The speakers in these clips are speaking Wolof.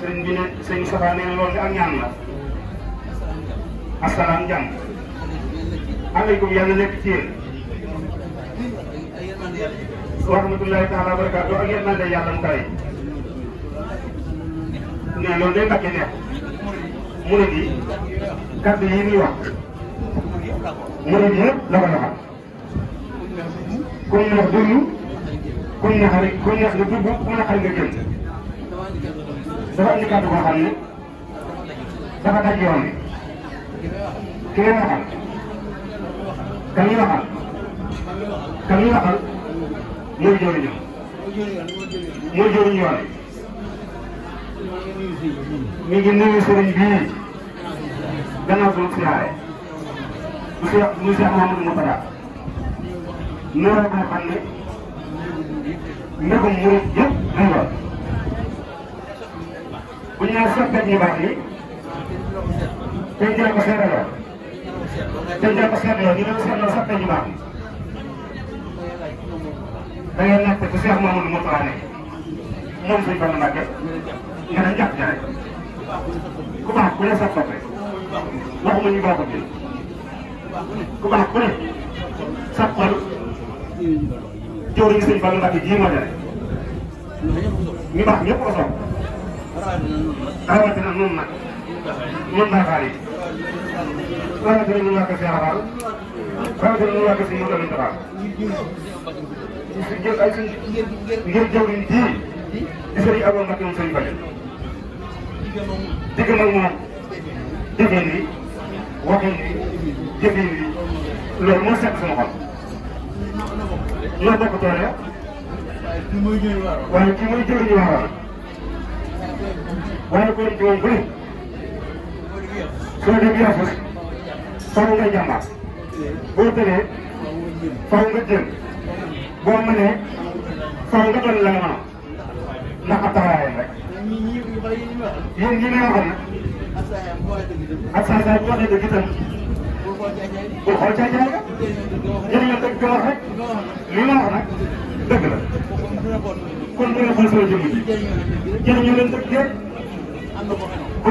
sering bi sering sëriñ Safa nee yang loolu la asalaam jàmm aleykum yàlla nekk ci yéen taala wa barakaatu ak yërmande yàlla ne loolu day mbàcce neex mu di kàddu yi muy wax di sebab kita dua kali sebab lagi orang kira hal kalima hal kalima hal nur jori jori nur jori jori mi ngi nuyu sëriñ bii gannaaw bu siyaare monsieur monsieur Mamadou Moutada nuroo boo xam ne mbégum murit yëpp lay war bu ñu naan soppeeku ñu baax yi tey jërë nga seetaloo tey jërë nga seetaloo ñu doon seetloo soppeeku ñu baax yi da ngay laajte ku Cheikh Mamadou Moustapha nekk moom suñu Fallu Mbàkke nga ne jàpp rek ku baax ku ne soppeeku rek waxuma ñu bokk ci ku baax ku ne soppeeku jëwriñu suñu Fallu Mbàkke ji moo ñu baax ñëpp ko sopp rawatina moom nag moom Baay Faal yi rawatina ñu wàkk si xabaar rawatina ñu wàkk si mu doon tabaar jël ay ngir jawriñ ji di sëriñ Abou Mbacke moom sëriñ Bale digg nag moom jëfin bi waxin bi jëfin bi loolu moo seet sama xol ñoo bokk doole waaye kii mooy jëriñu waaroon waaye góor gi moom bu ne soo demee Yafus faw nga jàmbaar boo tënee faw nga jëm boo mënee faw nga doon la nga naka taxawaayam rek yéen ñi may waxoon ak saa saa bu waxee dëgg itam bul xool caajaay nga jëriñoo dëgg ko wax rek li ma wax nag dëgg la. kon dina xool sama jëmm ji jëriñu leen dëkk yëpp am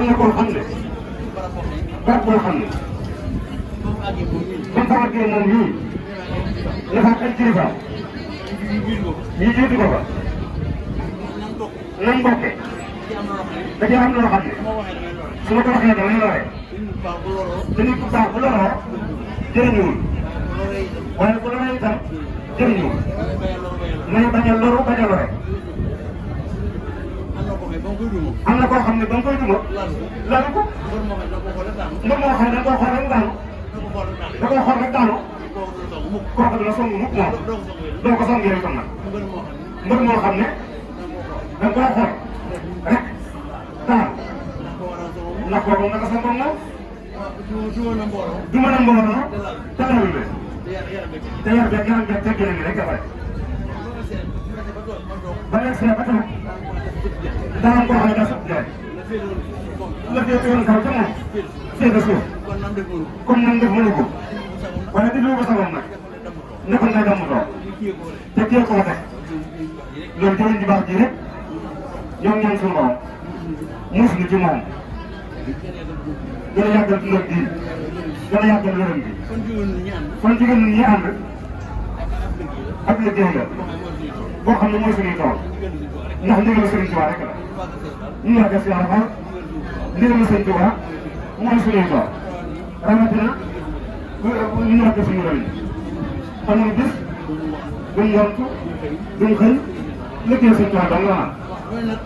na koo xam ne barab boo xam ne ba fa àggee moom yii dafa am ay kilifa ñu jiitu ko fa nam bokkee da cee am loo xam ne su ma ko waxee da ngay loree te nit ku baax bu loroo jëriñuwul waaye bu loree itam jëriñuwul bañ a loru bañ a lore. am na koo xam ne ba nga koy duma. lalu ko. mbir moo xam ne da nga koo xool rek daanu. da koo xool rek daanu. kooku dina song mukk moom. doo ko song yéen itam nag. mbir moo xam ne. da nga koo xool rek daanu. ndax kooku naka sa mbor moom. Ah, du mën a mbooloo. te lalu te yar beeg yaram beeg teggee na rek ba yegg si ba tamit daa ko xam ne daa sëb jaay la fee yoon sax ca moom fee da suuf comme nam def mënu ko waaye di lu ko sabam nag ne ko nga damm too te kee koo tax loolu jëriñ ju baax ji rek ñoom ñoom suñu borom muus nu ci moom gën a yàggal dundal bii gën a yàggal wéram bi fan jigéen ñi ànd ab liggéey la boo xam ne mooy suñuy tool ndax ndigalu Sëriñ Tuubaa rek la ñu wax si yàlla ndigalu Sëriñ Tuubaa mooy suñuy tool rawatina ñu wax suñu rëy amul bis duñ yontu duñ xëy liggéey Sëriñ Tuubaa dong la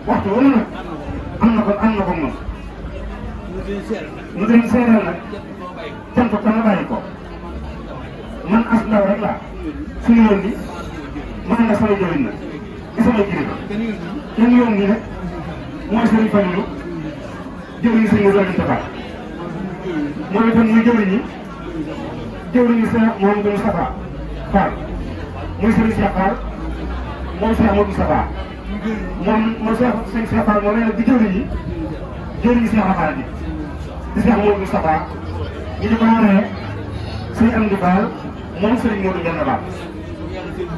waxtu wala nag am na ko am na ko moom ñu dem seeral nag cant ko na bàyyi ko man as ndaw rek laa suñu yoon bi man la sama jëriñ la di sama jëriñ dañu yoon bi nag mooy Serigne Fallou jëriñ suñu Lamine Tafal mooy itam muy jëriñ ñi jëriñu Cheikh Mouhamadou Moustapha Fall muy Serigne Cheikh Fall mooy Cheikh Mouhamadou Moustapha moom mooy Cheikh Serigne Cheikh Fall moom la di jëriñ ñi jëriñu Cheikh Fall bi di Cheikh Mouhamadou Moustapha ñu di ko waree suñu am di baal moom sëriñ Modou Diagne Ba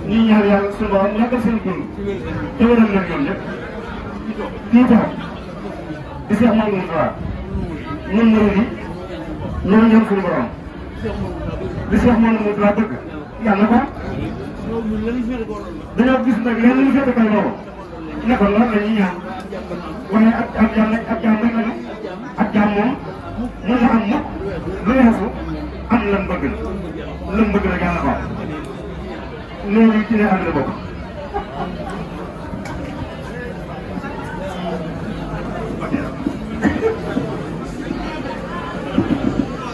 ñu ñaan yàlla suñu borom yàggal seen dund te wéral leen ñoom ñëpp kii toog di Seex Mamadou Moustapha ñun murid yi ñoo ñoom suñu borom li Seex Mamadou Moustapha bëgg yàlla na ko dañoo gis nag lenn lu féete kaw loolu ne ko loolu la ñuy ñaan waaye ak ak jàmm ak jàmm rek la ak jàmm moom mën na am mukk lu weesu lum bëgg rek yàlla ko loolu ci neexal la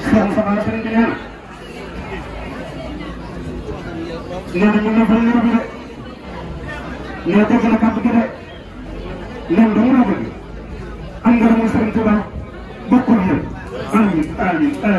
xam sama la sëriñ bi nee na nee na mën na bëri yóbbu de nee na dégg na kàddu gi de